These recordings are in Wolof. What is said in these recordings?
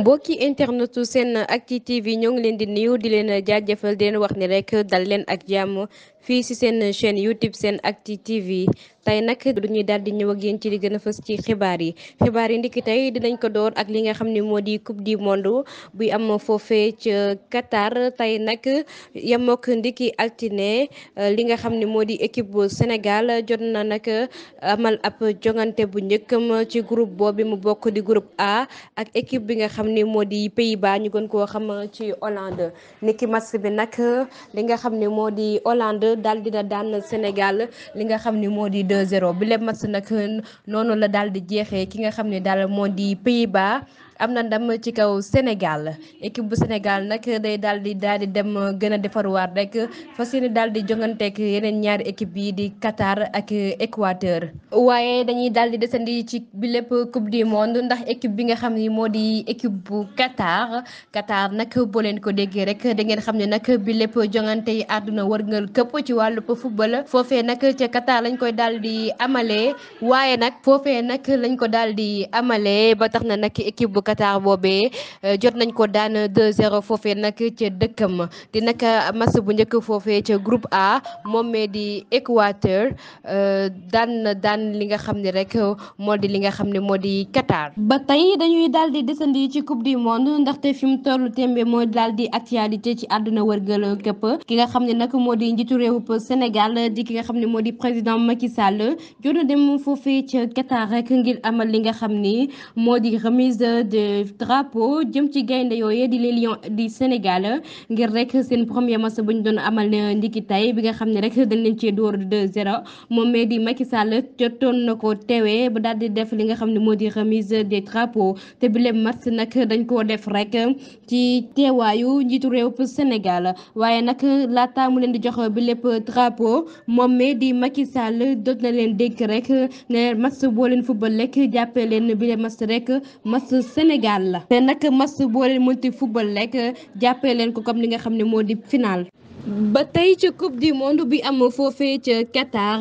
mbokki internetu seen acti tv ñoo ngi leen di nuyu di leen a jaajëfal di leen wax ni rek dal leen ak jàmm fii si seen chaîne YouTube SENactu TV tey nag du ñuy daal di ñëw ak yéen ci li gën a fës ci xibaar yi xibaar yi ndiki tey dinañ ko door ak li nga xam ne moo di coupe du monde buy am foofee ca Qatar tey nag yemook ndiki altine li nga xam ni moo di équipe bu Sénégal jot na nag amal ab jongante bu njëkkam ci groupe bi mu bokk di groupe A ak équipe bi nga xam ni moo di Pays-Bas ñu gën koo xam ci Hollande niki match bi nag li nga xam ne moo di Hollande. daal dina daan Sénégal li nga xam ni moo di 2-0 bi lépp match nag noonu la daal di jeexee ki nga xam ne daal moo di pays baa am na ndam ci kaw Sénégal équipe bu Sénégal nag day daal di daal di dem gën a defaruwaat rek fas yéene daal di jonganteeg yeneen ñaari équipe yi di Qatar ak Équateur. waaye dañuy daal di desandi ci bi lépp coupe du monde ndax équipe bi nga xam ni moo di équipe bu Qatar Qatar nag boo leen ko déggee rek da ngeen xam ne nag bi lépp jongante yi àdduna wërngal këpp ci wàllu football foofee nak ca Qatar lañ koy daal di amalee waaye nag foofee nag lañ ko daal di amalee ba tax Qatar boobee euh, jot nañ ko daan 2-0 foofee nag ca dëkkam di nag euh, match bu njëkk foofee ca groupe A moom mee di Équateur euh, daan daan li nga xam ne rek moo di li nga xam ne moo di Qatar. ba tey dañuy daal di desandi ci coupe du monde ndaxte fi mu tollu tembe moo daal di actualité ci àdduna wërgal këpp ki nga xam ne nag moo di njiitu réewu Sénégal di ki nga xam ne moo di président Macky Sall jot na dem foofee ca Qatar rek ngir amal li nga xam ni moo di remise. de drapeau jëm ci gaynde yooyee di les lions di Sénégal ngir rek seen premier match bu doon amal ndiki tay bi nga xam ne rek dañ leen cee dóor 2-0 moom mee di Macky Sall jotoon na ko teewee ba daal di def li nga xam ne moo di remise des drapeaux te bi lépp match nag dañ koo def rek ci teewaayu njiitu réew Sénégal waaye nag laata mu leen di jox bi lépp drapeau moom mee di Macky Sall jot na leen dénk rek ne match boo leen football rek jàppee leen bi lépp match rek Sénégal la te nag mas boo leen mënti football rek jàppee leen ko comme li nga xam ne moo di final. ba tey ci coupe du monde bi am foofee ca Qatar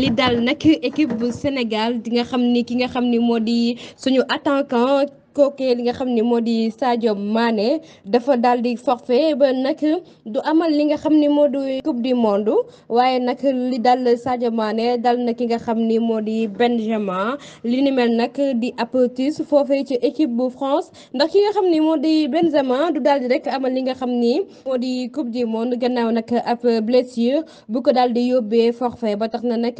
li dal nag équipe bu Sénégal di nga xam ni ki nga xam ni moo di suñu attaquant. kookee li nga xam ne moo di Sadio Mané dafa daal di forfait ba nag du amal li nga xam ne moo di coupe waaye nag li dal Sadio dal na ki nga xam ni moo di Benjamin li ni mel nag di apotis foofee ci équipe bu France ndax ki nga xam ni moo di Benjamin du daal di rek amal li nga xam ni moo di coupe du monde gannaaw nag ab blessure bu ko daal di yóbbee forfait ba tax na nag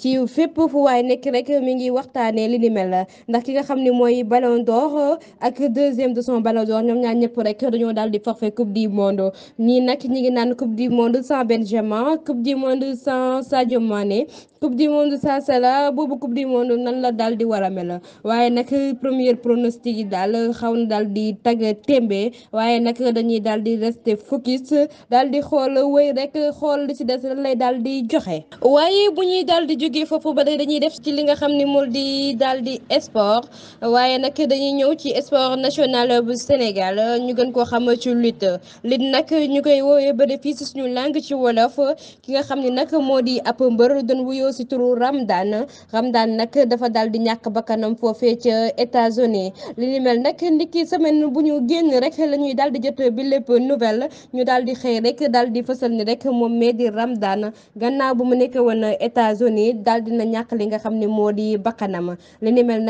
ci fépp fu waaye nekk rek mi ngi waxtaanee li ni mel ndax ki nga xam ni mooy Ballon d'Or d'or ak deuxième de son ballon d'or ñoom ñaar ñëpp rek dañoo daal di forfait coupe du monde ñii nag ñi ngi naan coupe du monde sans Benjamin coupe du monde sans Sadio Mané coupe du monde sans Salah boobu coupe du monde nan la daal di war a mel waaye nag premier pronostic yi daal xaw na daal di tag tembe waaye nag dañuy daal di rester focus daal di xool wéy rek xool li ci des lan lay daal di joxe waaye bu ñuy daal di jógee foofu ba dañuy def ci li nga xam ne moo di daal di sport waaye nag dañuy ñëw ci sport national bu Sénégal ñu gën koo xam ci lutte lutte nag ñu koy woowee bëri fii suñu langue ci wolof ki nga xam ni nag moo di ab mbër doon wuyoo si turu Ramdan Ramdan nag dafa daal di ñàkk bakkanam foofee ca États-Unis li ni mel nag ndiki semaine bu ñu génn rek la ñuy daal di jot bi lépp nouvelle ñu daal di xëy rek daal di fësal ni rek moom mee di Ramdan gannaaw bu mu nekk woon États-Unis daal na ñàkk li nga xam ni moo di bakkanam li ni mel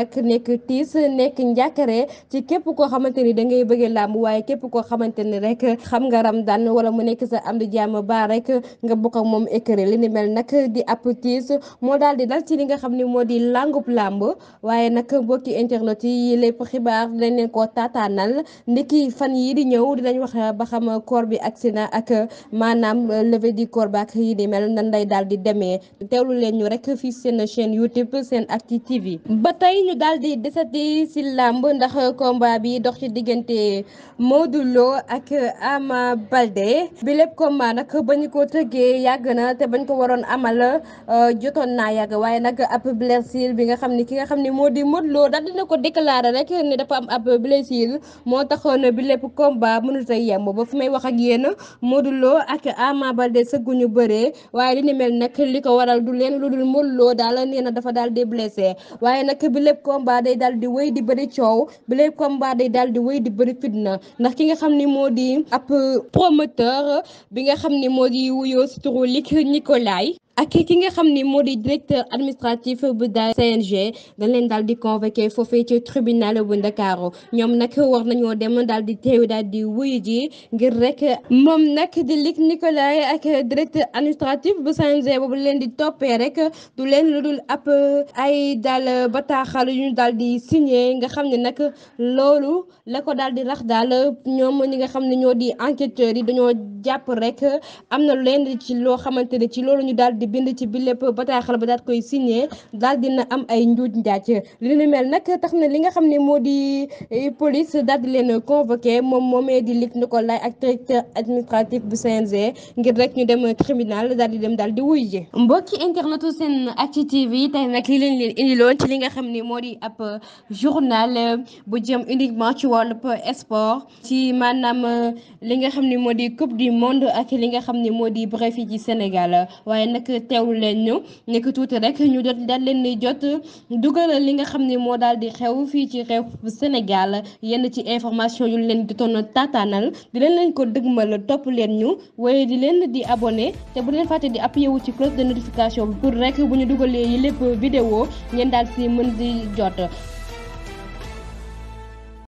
intérêt ci képp koo xamante ni da ngay bëggee làmb waaye képp koo xamante ni rek xam nga Ramdan wala mu nekk sa am di jàmm baa rek nga bokk ak moom écrit li ni mel nag di ab tiis moo daal di dal ci li nga xam ni moo di langub làmb waaye nag mbokki internet yi lépp xibaar dinañ leen koo taataanal ndiki fan yii di ñëw dinañ wax ba xam corps bi agsi na ak maanaam levée du corps ba ak di mel nan lay daal di demee teewlu leen ñu rek fii seen chaîne YouTube SENactu TV ba tey ñu daal di desati làmb ndax combat bi dox ci diggante Modou Lo ak Ama Baldé bi lépp combat nag bañ koo tëggee yàgg na te bañ ko waroon amal euh, jotoon naa yàgg waaye nag ab blessure bi nga xam ne ki nga xam ne moo di Modou Lo daal dina ko déclaré rek ni dafa am ab blessure moo taxoon bi lépp combat mënut a yem ba fu may wax ak yéen Modou Lo ak Ama Baldé sëgguñu bëree waaye li ni mel nag li ko waral du leen lu dul Modou daal nee na dafa daal di blessé waaye nag bi lépp combat day daal di wéy di bëri coow kaw bi lay combat day daal di wéy di bëri fitna ndax ki nga xam ni moo di ab promoteur bi nga xam ni moo woyo wuyoo si turu Luc Nicolaï ak ki nga xam ni moo di directeur administratif bu daal CNG dañ leen daal di convoqué foofee ci tribunal bu Ndakaaru ñoom nag war nañoo dem daal di teew daal di wuyu ji ngir rek moom nag di Luc Nicolaï ak directeur administratif bu CNG boobu leen di toppee rek du leen lu dul ab ay dal bataaxal yu ñu daal di signé nga xam ne nag loolu la ko daal di rax daal ñoom ñi nga xam ne ñoo di enquêteurs yi dañoo jàpp rek am na leen ci loo xamante ne ci loolu ñu daal di bind ci bi lépp bataaxal ba daat koy signé daal dina am ay njuuj njaaj li nu mel nag tax na li nga xam ne moo di e, police daal di leen convoqué moom moomee di Luc Nicolaï ak directeur administratif bu CNG ngir rek ñu dem tribunal daal di dem daal di wuy ji mbokki ak ci TV tey nag li leen leen indiloon ci li nga xam ne moo di ab journal bu jëm uniquement ci wàllub sport ci maanaam li nga xam ni moo di coupe du monde ak li nga xam ni moo di bref yi ci Sénégal waaye nag teewlu leen ñu nekk tuuti rek ñu jot daal leen di jot dugalal li nga xam ne moo daal di xew fii ci xew Sénégal yenn ci information yu leen di ton taataanal di leen leen ko dëgmal topp leen ñu waaye di leen di abonné te bu leen fàtte di appuyé wu ci cloche de notification bi pour rek bu ñu dugalee yi lépp vidéo ngeen daal si mën di jot